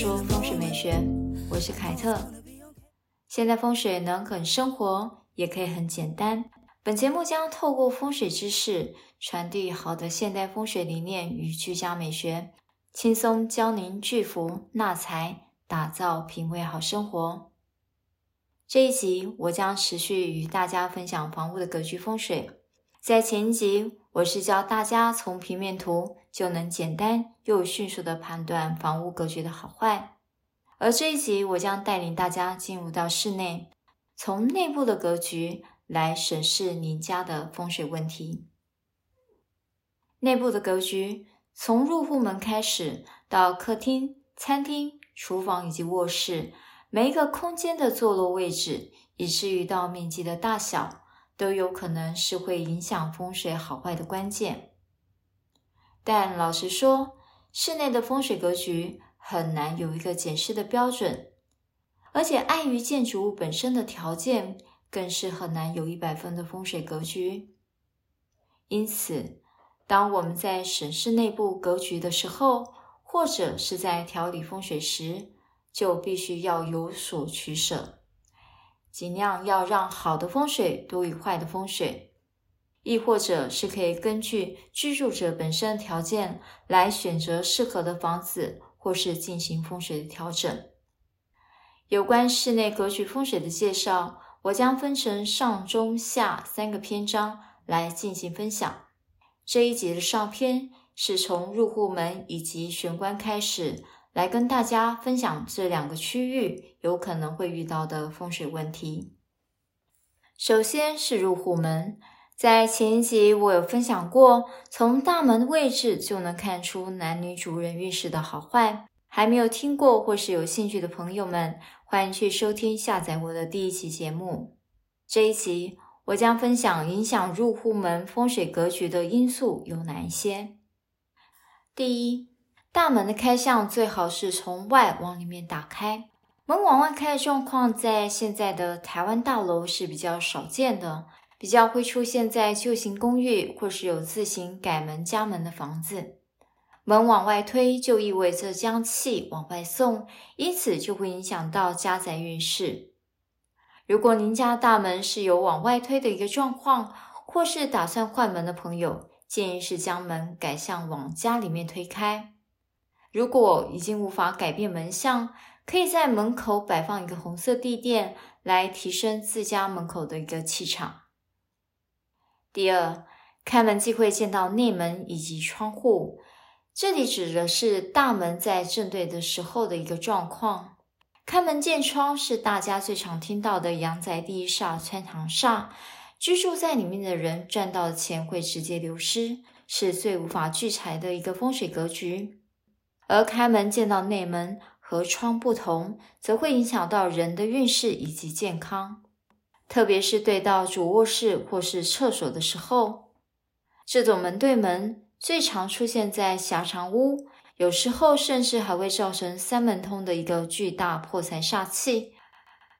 說風水美學，我是凱特。現代風水能很生活，也可以很簡單。本節目將透過風水知識，傳遞好的現代風水理念與居家美學，輕鬆教您聚福納財，打造品味好生活。這一集我將持續與大家分享房屋的格局風水。在前一集，我是教大家從平面圖，就能簡單又迅速地判斷房屋格局的好壞。而這一集，我將帶領大家進入到室內，從內部的格局來審視您家的風水問題。內部的格局，從入戶門開始，到客廳、餐廳、廚房以及臥室，每一個空間的坐落位置，以至於到面積的大小，都有可能是會影響風水好壞的關鍵。但老實說，室內的風水格局很難有一個檢視的標準，而且礙於建築物本身的條件，更是很難有一百分的風水格局。因此，當我們在審視內部格局的時候，或者是在調理風水時，就必須要有所取捨，盡量要讓好的風水多於壞的風水。亦或者是可以根據居住者本身的條件來選擇適合的房子，或是進行風水的調整。有關室內格局風水的介紹，我將分成上、中、下三個篇章來進行分享。這一集的上篇是從入戶門以及玄關開始，來跟大家分享這兩個區域有可能會遇到的風水問題。首先是入戶門。在前一集我有分享過，從大門的位置就能看出男女主人運勢的好壞。還沒有聽過或是有興趣的朋友們，歡迎去收聽下載我的第一期節目。這一集我將分享影響入戶門風水格局的因素有哪一些？第一，大門的開向最好是從外往裡面打開，門往外開的狀況在現在的台灣大樓是比較少見的。比較會出現在舊型公寓或是有自行改門加門的房子，門往外推就意味着將氣往外送，因此就會影響到家宅運勢。如果您家大門是有往外推的一個狀況，或是打算換門的朋友，建議是將門改向往家裡面推開。如果已經無法改變門向，可以在門口擺放一個紅色地墊，來提升自家門口的一個氣場。第二，開門即會見到內門以及窗戶，這裡指的是大門在正對的時候的一個狀況。開門見窗是大家最常聽到的陽宅第一煞，穿堂煞。居住在裡面的人賺到的錢會直接流失，是最無法聚財的一個風水格局。而開門見到內門和窗不同，則會影響到人的運勢以及健康。特別是對到主臥室或是廁所的時候，這種門對門最常出現在狹長屋，有時候甚至還會造成三門通的一個巨大破財煞氣。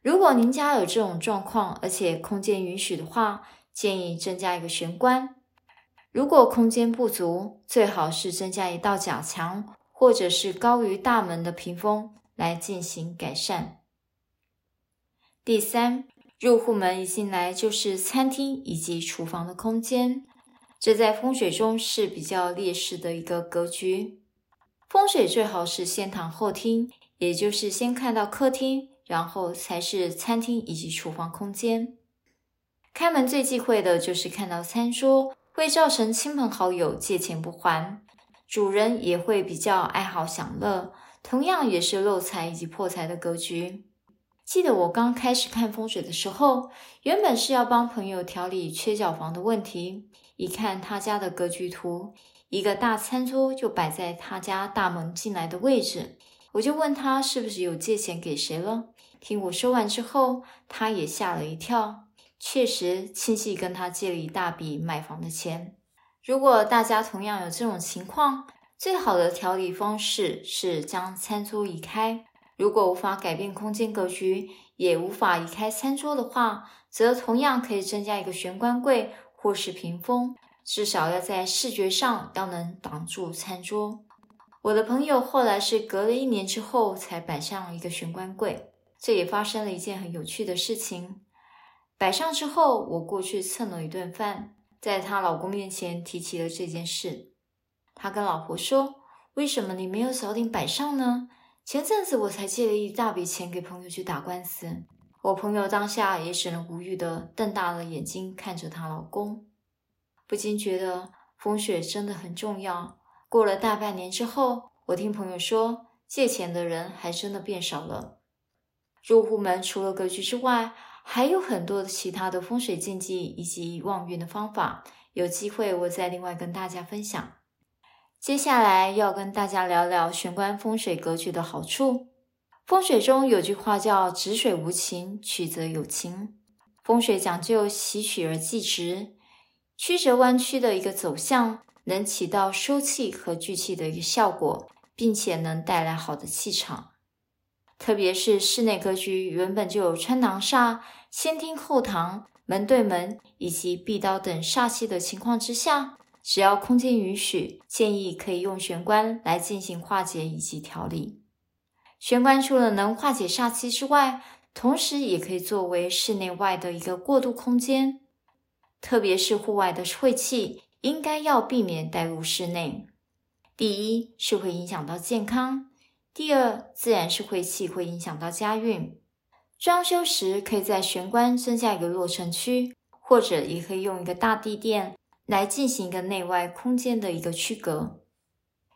如果您家有這種狀況，而且空間允許的話，建議增加一個玄關；如果空間不足，最好是增加一道假牆，或者是高於大門的屏風來進行改善。第三。入戶門一進來就是餐廳以及廚房的空間，這在風水中是比較劣勢的一個格局。風水最好是先堂後廳，也就是先看到客廳，然後才是餐廳以及廚房空間。開門最忌諱的就是看到餐桌，會造成親朋好友借錢不還，主人也會比較愛好享樂，同樣也是漏財以及破財的格局。記得我剛開始看風水的時候，原本是要幫朋友調理缺角房的問題。一看他家的格局圖，一個大餐桌就擺在他家大門進來的位置，我就問他是不是有借錢給誰了。聽我說完之後，他也嚇了一跳，確實親戚跟他借了一大筆買房的錢。如果大家同樣有這種情況，最好的調理方式是將餐桌移開。如果無法改變空間格局，也無法移開餐桌的話，則同樣可以增加一個玄關櫃或是屏風，至少要在視覺上要能擋住餐桌。我的朋友後來是隔了一年之後才擺上一個玄關櫃，這也發生了一件很有趣的事情。擺上之後，我過去蹭了一頓飯，在她老公面前提起了這件事。他跟老婆說：“為什麼你沒有早點擺上呢？”前陣子我才借了一大筆錢給朋友去打官司，我朋友當下也只能無語的瞪大了眼睛看着她老公，不禁覺得風水真的很重要。過了大半年之後，我聽朋友說借錢的人還真的變少了。入戶門除了格局之外，還有很多其他的風水禁忌以及旺運的方法，有機會我再另外跟大家分享。接下來要跟大家聊聊玄關風水格局的好處。風水中有句話叫“直水無情，曲則有情”。風水講究“喜曲而忌直”，曲折彎曲的一個走向，能起到收氣和聚氣的一個效果，並且能帶來好的氣場。特別是室內格局原本就有穿堂煞、先廳後堂、門對門以及壁刀等煞氣的情況之下。只要空間允許，建議可以用玄關來進行化解以及調理。玄關除了能化解煞氣之外，同時也可以作為室內外的一個過渡空間。特別是戶外的晦氣，應該要避免帶入室內。第一是會影響到健康，第二自然是晦氣會影響到家運。裝修時可以在玄關增加一個落塵區，或者也可以用一個大地墊。來進行一個內外空間的一個區隔，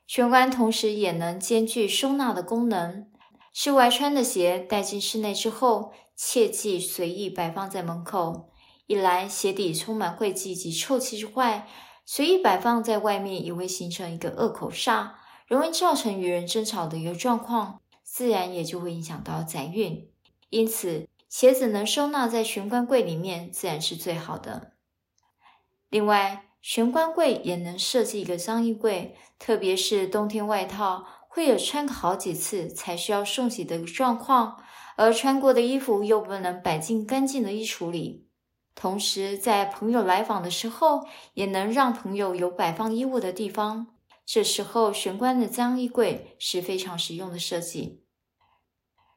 玄關同時也能兼具收納的功能。室外穿的鞋帶進室內之後，切忌隨意擺放在門口。一來鞋底充滿晦氣及臭氣之外，隨意擺放在外面也會形成一個惡口煞，容易造成與人爭吵的一個狀況，自然也就會影響到宅運。因此，鞋子能收納在玄關櫃裡面，自然是最好的。另外，玄關櫃也能設計一個髒衣櫃，特別是冬天外套會有穿個好幾次才需要送洗的狀況，而穿過的衣服又不能擺進乾淨的衣櫥裡。同時，在朋友來訪的時候，也能讓朋友有擺放衣物的地方。這時候，玄關的髒衣櫃是非常實用的設計。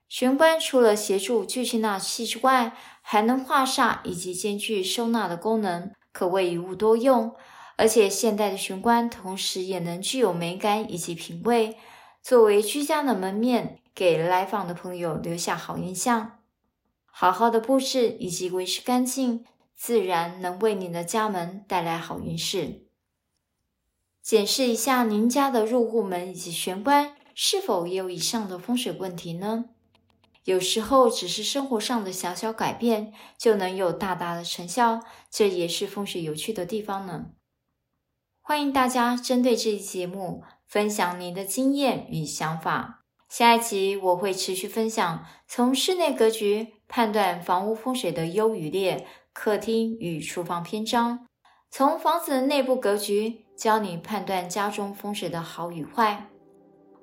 玄關除了協助聚集納氣之外，還能化煞以及兼具收納的功能。可謂一物多用，而且現代的玄關同時也能具有美感以及品味，作為居家的門面，給來訪的朋友留下好印象。好好的布置以及維持乾淨，自然能為您的家門帶來好運勢。檢視一下您家的入戶門以及玄關，是否也有以上的風水問題呢？有時候，只是生活上的小小改變，就能有大大的成效。這也是風水有趣的地方呢。歡迎大家針對這一節目分享您的經驗與想法。下一集我會持續分享從室內格局判斷房屋風水的優與劣，客廳與廚房篇章；從房子內部格局教你判斷家中風水的好與壞。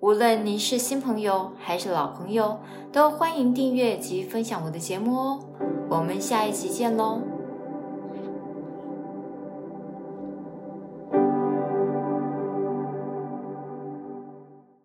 無論您是新朋友還是老朋友，都歡迎訂閱及分享我的節目哦！我們下一期見嘍。